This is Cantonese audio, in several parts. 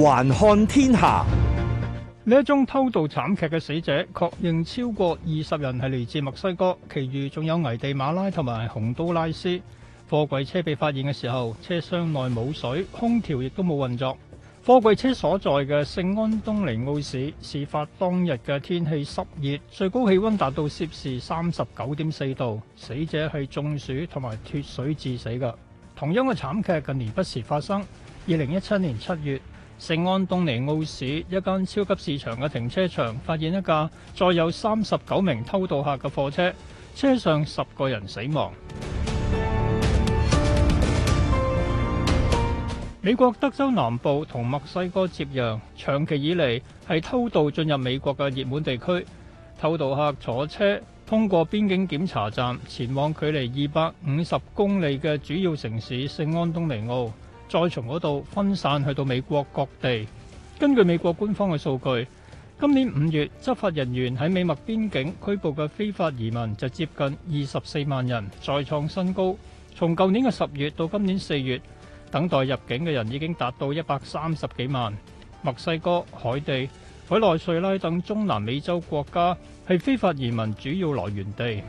環看天下。呢一宗偷渡慘劇嘅死者確認超過二十人，係嚟自墨西哥，其餘仲有危地馬拉同埋洪都拉斯。貨櫃車被發現嘅時候，車廂內冇水，空調亦都冇運作。貨櫃車所在嘅聖安東尼奧市，事發當日嘅天氣濕熱，最高氣溫達到攝氏三十九點四度。死者係中暑同埋脫水致死噶。同樣嘅慘劇近年不時發生。二零一七年七月，聖安東尼奧市一間超級市場嘅停車場，發現一架載有三十九名偷渡客嘅貨車，車上十個人死亡。美國德州南部同墨西哥接壤，長期以嚟係偷渡進入美國嘅熱門地區。偷渡客坐車通過邊境檢查站，前往距離二百五十公里嘅主要城市聖安東尼奧。再從嗰度分散去到美國各地。根據美國官方嘅數據，今年五月執法人員喺美墨邊境拘捕嘅非法移民就接近二十四萬人，再創新高。從舊年嘅十月到今年四月，等待入境嘅人已經達到一百三十幾萬。墨西哥、海地、委內瑞拉等中南美洲國家係非法移民主要來源地。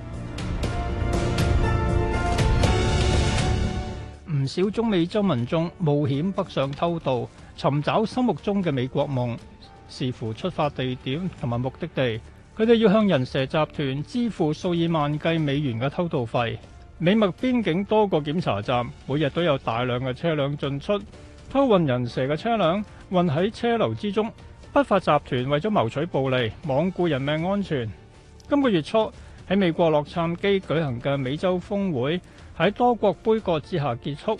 唔少中美洲民眾冒險北上偷渡，尋找心目中嘅美國夢。視乎出發地點同埋目的地，佢哋要向人蛇集團支付數以萬計美元嘅偷渡費。美墨邊境多個檢查站，每日都有大量嘅車輛進出，偷運人蛇嘅車輛運喺車流之中。不法集團爲咗謀取暴利，罔顧人命安全。今個月初。喺美國洛杉磯舉行嘅美洲峰會喺多國杯葛之下結束。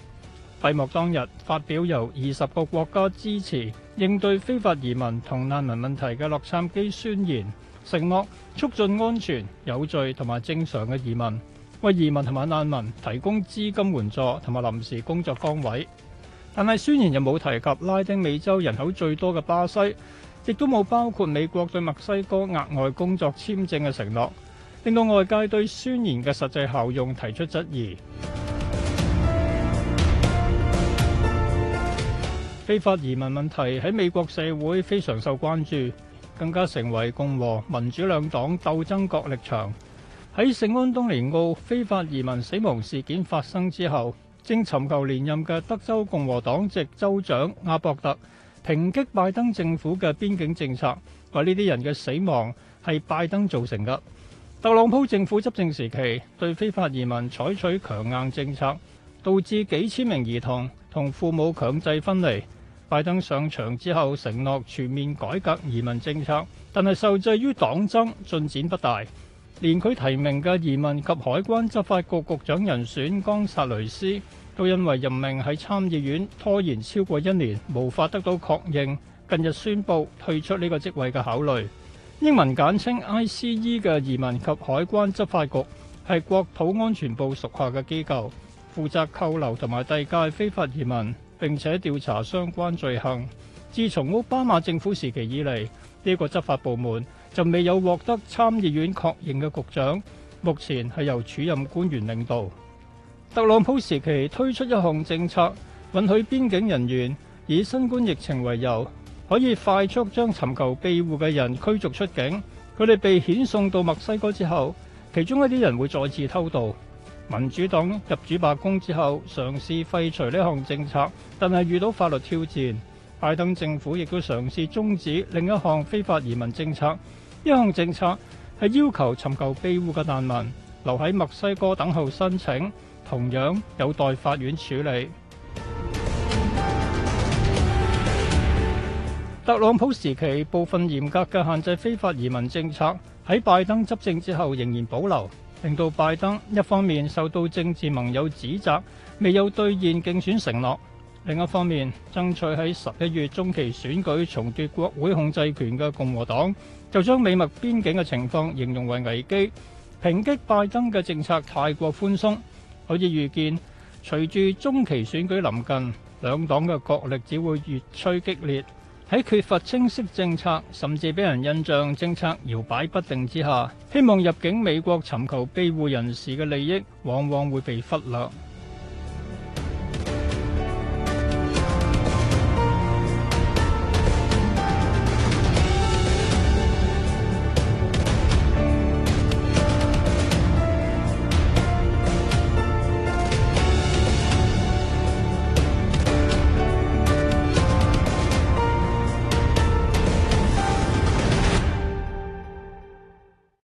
閉幕當日發表由二十個國家支持應對非法移民同難民問題嘅洛杉磯宣言，承諾促進安全、有序同埋正常嘅移民，為移民同埋難民提供資金援助同埋臨時工作崗位。但係宣言又冇提及拉丁美洲人口最多嘅巴西，亦都冇包括美國對墨西哥額外工作簽證嘅承諾。令到外界對宣言嘅實際效用提出質疑。非法移民問題喺美國社會非常受關注，更加成為共和民主兩黨鬥爭角力場。喺聖安東尼奧非法移民死亡事件發生之後，正尋求連任嘅德州共和黨籍州長阿博特抨擊拜登政府嘅邊境政策，話呢啲人嘅死亡係拜登造成㗎。特朗普政府執政時期對非法移民採取強硬政策，導致幾千名兒童同父母強制分離，拜登上場之後承諾全面改革移民政策，但係受制於黨爭進展不大。連佢提名嘅移民及海關執法局局長人選岡薩雷斯都因為任命喺參議院拖延超過一年，無法得到確認，近日宣布退出呢個職位嘅考慮。英文簡稱 ICE 嘅移民及海關執法局係國土安全部屬下嘅機構，負責扣留同埋遞解非法移民，並且調查相關罪行。自從奧巴馬政府時期以嚟，呢個執法部門就未有獲得參議院確認嘅局長，目前係由署任官員領導。特朗普時期推出一項政策，允許邊境人員以新冠疫情為由，可以快速將尋求庇護嘅人驅逐出境，佢哋被遣送到墨西哥之後，其中一啲人會再次偷渡。民主黨入主白宮之後，嘗試廢除呢項政策，但係遇到法律挑戰。拜登政府亦都嘗試終止另一項非法移民政策，呢項政策係要求尋求庇護嘅難民留喺墨西哥等候申請，同樣有待法院處理。特朗普時期部分嚴格嘅限制非法移民政策，喺拜登執政之後仍然保留，令到拜登一方面受到政治盟友指責未有兌現競選承諾，另一方面爭取喺十一月中期選舉重奪國會控制權嘅共和黨就將美墨邊境嘅情況形容為危機，抨擊拜登嘅政策太過寬鬆。可以預見，隨住中期選舉臨近，兩黨嘅角力只會越趨激烈。喺缺乏清晰政策，甚至俾人印象政策搖擺不定之下，希望入境美國尋求庇護人士嘅利益，往往會被忽略。